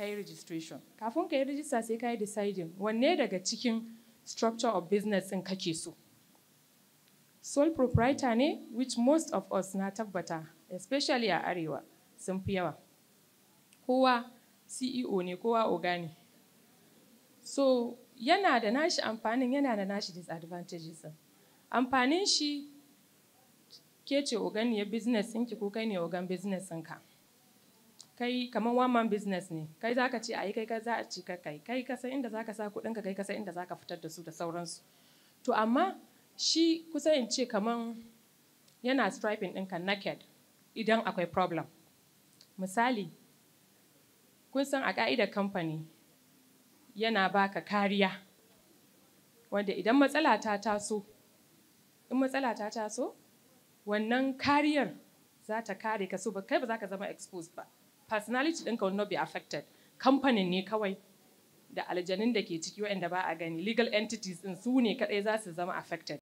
ka yi registration kafin ka yi rijista sai ka yi deciding wanne daga cikin structure of business ɗin kake so sole proprietor ne which most of us na tabbata especially a arewa sun fi yawa kowa ceo ne kowa oga ne so yana da nashi amfanin yana da nashi disadvantages amfanin shi ke ce ya business ɗinki ko kai ne ogan business ɗinka kai kamar one man business ne kai zaka ce ayi kai kai za a ci kai kai ka san inda zaka sa kudin ka kai ka san inda zaka fitar da su da sauransu to amma shi kusa in ce kamar yana striping ɗinka naked idan akwai problem misali kun san a ka'idar kamfani yana baka kariya wanda idan matsala ta taso in matsala ta taso wannan kariyar za ta kare ka so ba kai ba za ka zama exposed ba personality ɗinka will not be affected kamfanin ne kawai da aljanun da ke ciki waɗanda ba a gani legal entities ɗin su ne kaɗai za su zama affected